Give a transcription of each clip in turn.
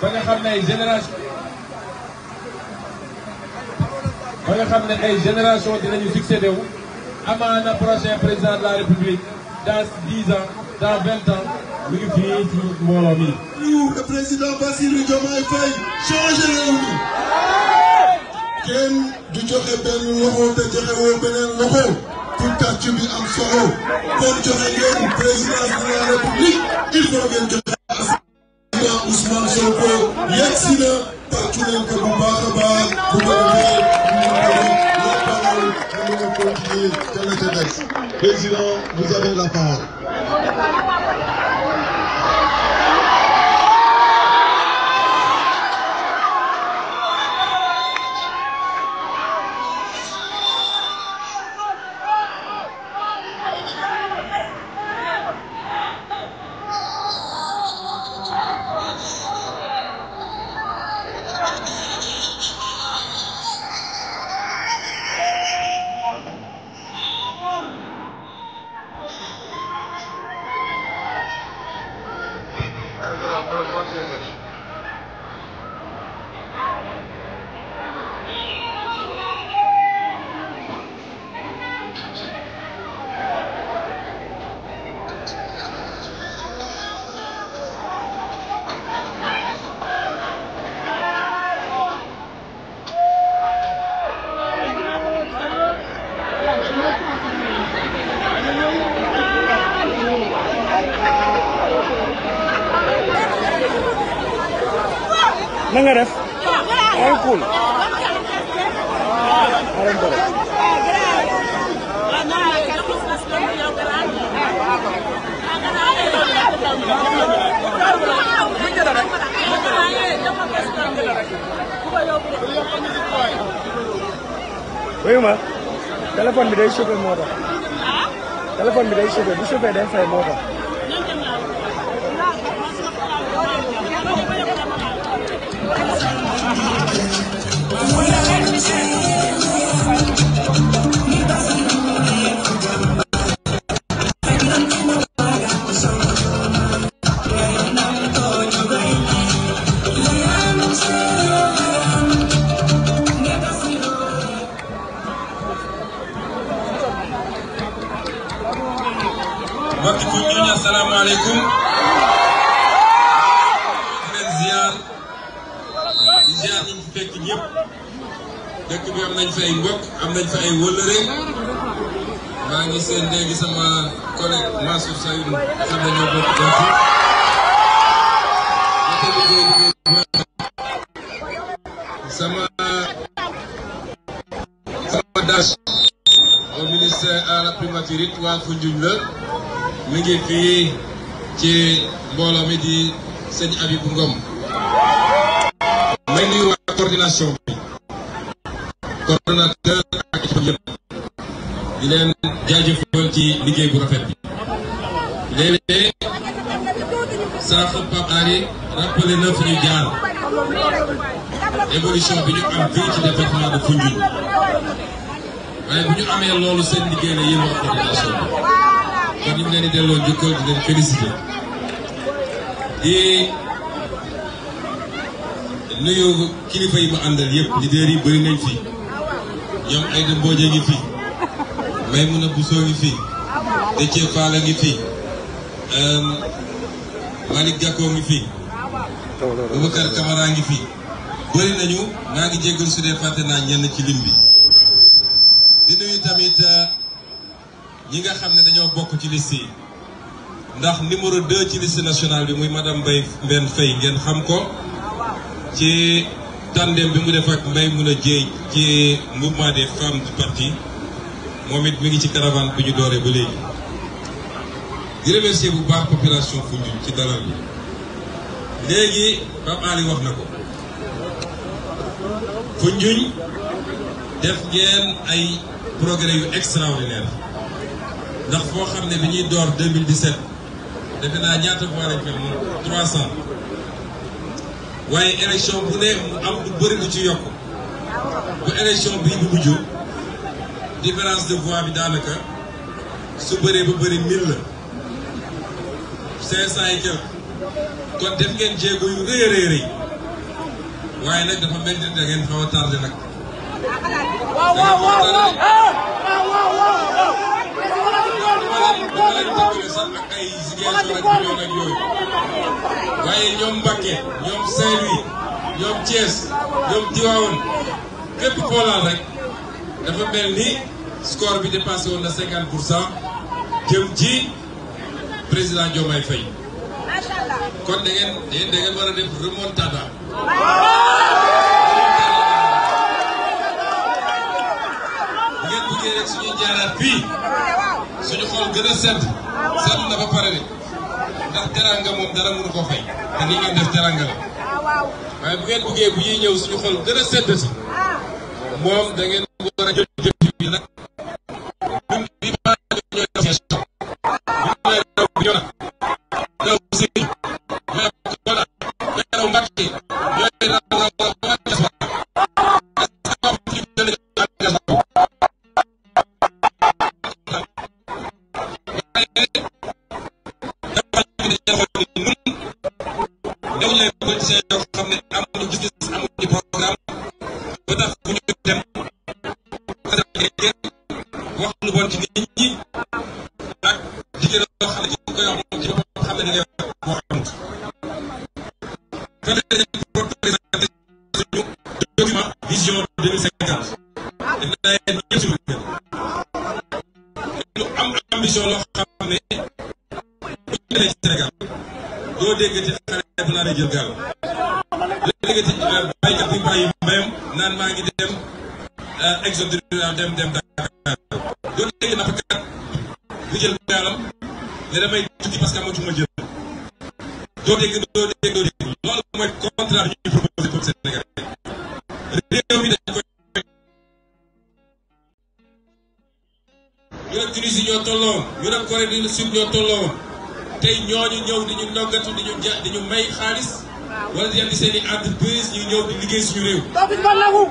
ba nga xam ne ay génération ba nga xam ne ay génération dinañu succédé wu amaana prochain président de la république dans dix ans dans vingt ans mu ngi mi. nous le président Bassirou Diomaye Faye changé réew mi kenn du joxe benn loxo te joxe woo beneen loxo pour tàcc bi am solo kon joxe ngeen présidence de la république il faut ngeen joxe. Ousmane Sonko yegg si na tàccu leen ko bu baax a baax bu ko defee ñu mën a continuer ca la ca la parole. Tamam, tamam, tamam. na nga def ay cool wuyu ma téléphone bi day chauffé moo tax téléphone bi day chauffé bu chauffé day fay moo tax fekk ñëpp dëkk bi am nañ fa ay mbokk am nañ fa ay wëllëre maa ngi seen léegi sama collègue Mansour Sayoum xam ne ñoo bokk dëkk sama sama ngi fii ci mbooloo mi di sëñ Abibou Ngom coordination bi coordonnateur ak équipe yëpp ci liggéey bu rafet bi léeg-léeg sànq Pape Ari rappelé na fi ñu évolution bi ñu am fii ci département de Foundiougne waaye bu ñu amee loolu seen liggéey la yéen waa coordination bi kon nuyu kilifa yi ma àndal yëpp leader yi bëri nañ fi ñoom Aïda Mbodj ngi fi Maïmouna Bousso ngi fi Déthié Fall ngi fi euh, Malick Gakou ngi fi Boubacar Camara ngi fi bëri nañu maa ngi jéggul su dee fàtte naa ñenn ci lim bi di nuyu tamit euh, ñi nga xam ne dañoo bokk ci liste yi ndax numéro 2 ci liste nationale bi muy madame Mbaye Mbène Faye ngeen xam ko ci tandem bi mu def ak Mbaye Mouna Dièye ci mouvement des femmes du parti moom it mi ngi ci caravane bi ñu dooree ba léegi. di bu baax population Foundiougne ci dalal bi léegi Pape Ali wax na ko Foundiougne def ngeen ay progrès yu extraordinaire ndax foo xam ne bi ñuy door 2017 defe naa ñaata voix lañ fekk moom waaye élection bu ne am lu bëri lu ci yokk bu élection bii bu mujj différence de voix bi daanaka su bëree ba bëri 1000 la 500 et quelque kon def ngeen jéego yu rëy a rëy rëy waaye nag dafa mel ngeen xaw a nag. ak ay Ziguinchor ak yooyu waaye ñoom Mbacké ñoom Saint-Louis ñoom Thiès ñoom Tivaouane képp koo laal rek dafa mel ni score bi dépassé woon na 50 pour cent jëm ci président Diomaye Faye kon da ngeen da ngeen war a def remontada bu ngeen bëggee rek suñuy jaaraat fii suñu xool gën a sedd sedd na ba pare de ndax teranga moom dara mënu ko fay te ngeen def teranga waaye bu ngeen buggee bu ñëw suñu xool gën a sedd si moom da ngeen war jot Euh, exode rural dem dem Dakar doon léegi bu jël gaalam ne damay tukki parce que amatuma jël doo dégg doo dégg loolu mooy contrat bi ñuy proposé dañ koy ñu ñëw di noggatu di may xaalis wala di andi seen i entreprise ñu ñëw di liggéey suñu réew. rek loolu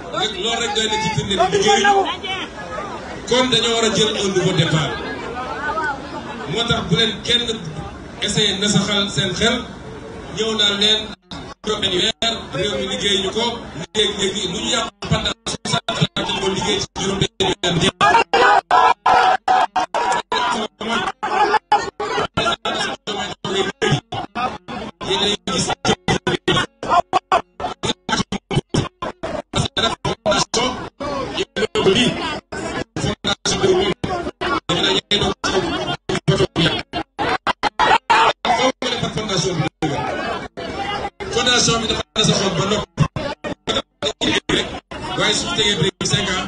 rek kon dañoo war a jël un nouveau départ moo tax bu leen kenn essayé na saxal seen xel ñëw naa leen juróomi weer réew mi liggéey ñu ko liggéey léegi lu ñu yàq pendant soixante ans ñu ko liggéey ci juróom lii fondation bi dafa desoon ba noppi waaye su ñu tegee béy cinq ans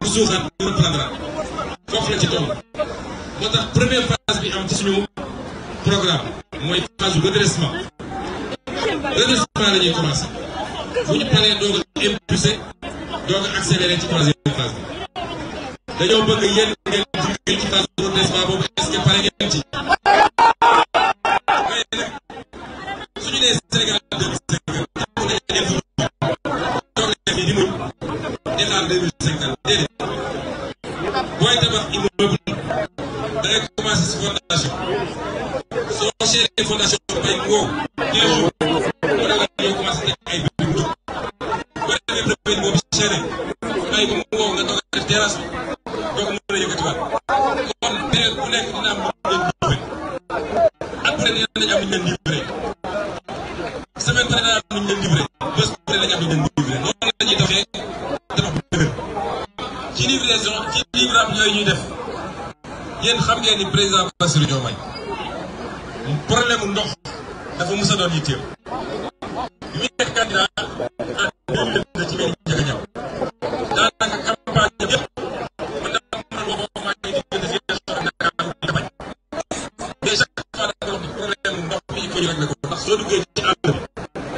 bu suuxaat bu reprendre foofu la ci toll moo tax première phase bi am ci suñu programme mooy phase redressement redressement la ñuy commencé bu ñu paree doog a impulsé doog a accéléré ci troisième phase bi dañoo bëgg yéen ngeen jugee ci phase d' arrondissement boobu est ce que pare ngeen ci. ngeen ni président Bassirou Diomaye problème ndox dafa mës doon yitteem bi muy nekk candidat en deux mille deux ci yëpp man damaa mën ngi ko wax ni ko soo duggee ci àll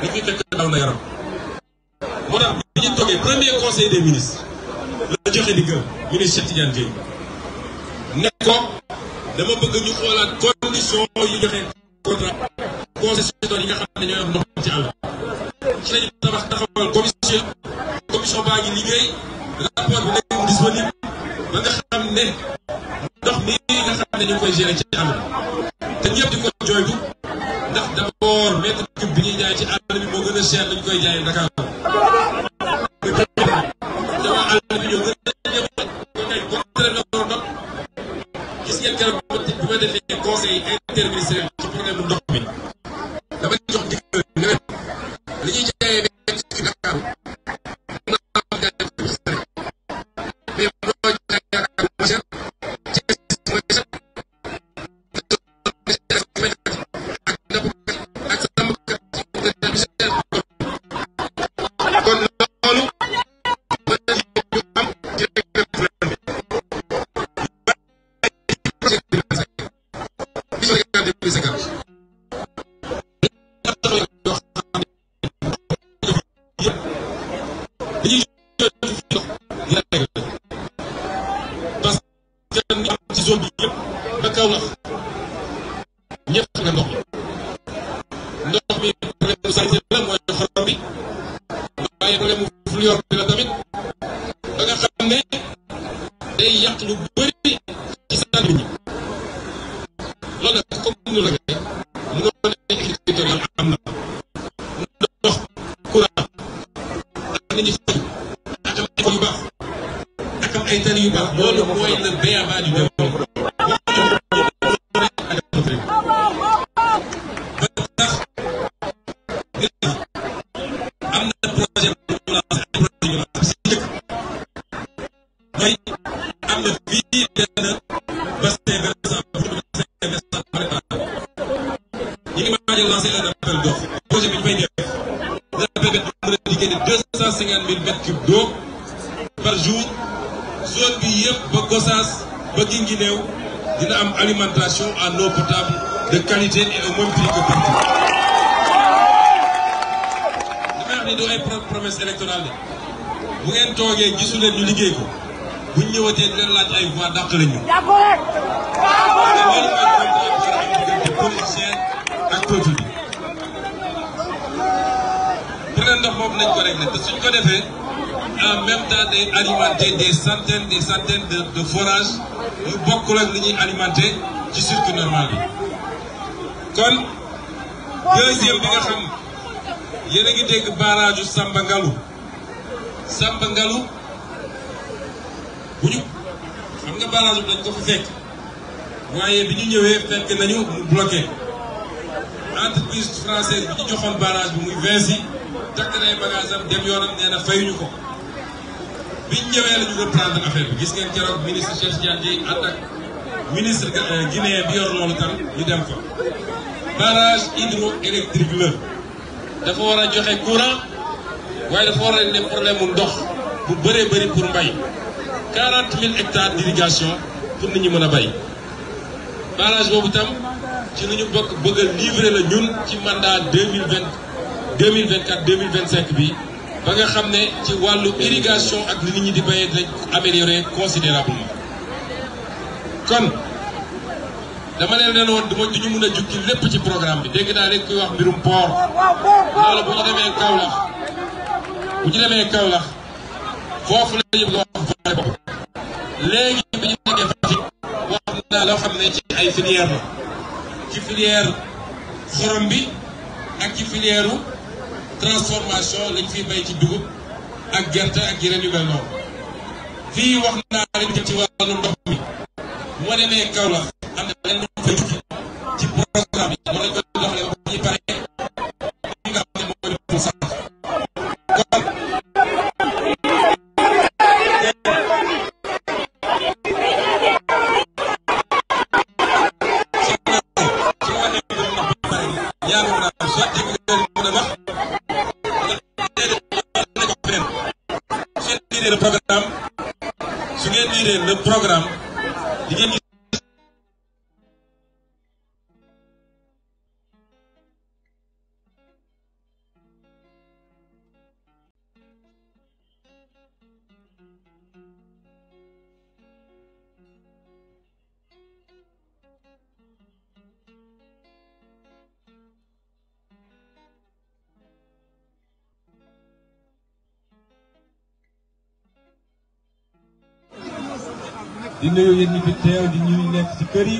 bi li fi daw na yaram moo tax bi ñu toogee premier conseil des ministres la joxe ndigal ministre Cheikh Tidiane Dièye dama bëgg ñu xoolaat condition yi nga xam ne ñooy am ndox ci àll ci lañu tabax taxawal commission commission baa ngi liggéey rapport bi nekk disponible ba nga xam ne ndox mi nga xam ne ñu koy gérer ci àll te ñëpp di ko jooytu ndax d'abord mètre cube bi ñuy jaay ci àll bi moo gën a cher lañu koy jaayee Dakar conseil yëpp ba Kaolack ñëpp xam na ndox la l'alimentation en eau de qualité et au même prix que partout. li may wax ni doo ay promesse électorale bu ngeen toogee gisu leen ñu liggéey ko buñ ñëwatee dina laaj ay voix dàq lañu. d'accord ak peuple bi. problème ndox boobu nañ ko réglé te suñ ko defee. en même temps day alimenter des centaines des centaines de de forages yu euh, bokkul ak ñuy alimenter ci circuit normal bi kon deuxième bi nga xam yéen a ngi dégg barrage u Samba Ngalu Samba Ngalu bu ñu xam nga barrage bi dañ ko fi fekk waaye bi ñu ñëwee fekk nañu mu bloqué entreprise française bi ñu joxoon barrage bi muy Vinci takk na ay bagages am dem yoonam nee na fayuñu ko. biñ ñëwee la ñu reprendre affaire bi gis ngeen keroog ministre Cheikh Tidiane Dièye ànd ak ministre euh, guinéen bi yor loolu tam ñu dem fa. barrage hydroélectrique la dafa war a joxe courant waaye dafa war a ne problème mu ndox bu bëree bëri pour mbay 40 000 hectares d'irrigation pour nit mën a bay barrage boobu tam ci lu ñu bokk bëgg a livrer la ñun ci mandat deux mille vingt deux mille vingt quatre deux bi. ba nga xam ne ci wàllu irrigation ak li nit ñi di béyee dinañ ko améliorer considérablement kon dama leen ne woon duma du mën a jukki lépp ci programme bi dégg naa léegi kuy wax mbirum port loolu bu ñu a wax volet boobu naa loo xam ne ci ay filière la ci filière xorom bi ak ci filière transformation lañ fi bay ci dugub ak gerte ak yeneen yu mel noonu fii wax naa leen ci wàllu ndox mi wane ne Kaolack di nuyu yéen ñi yi teew di ñuy nekk ci kër yi.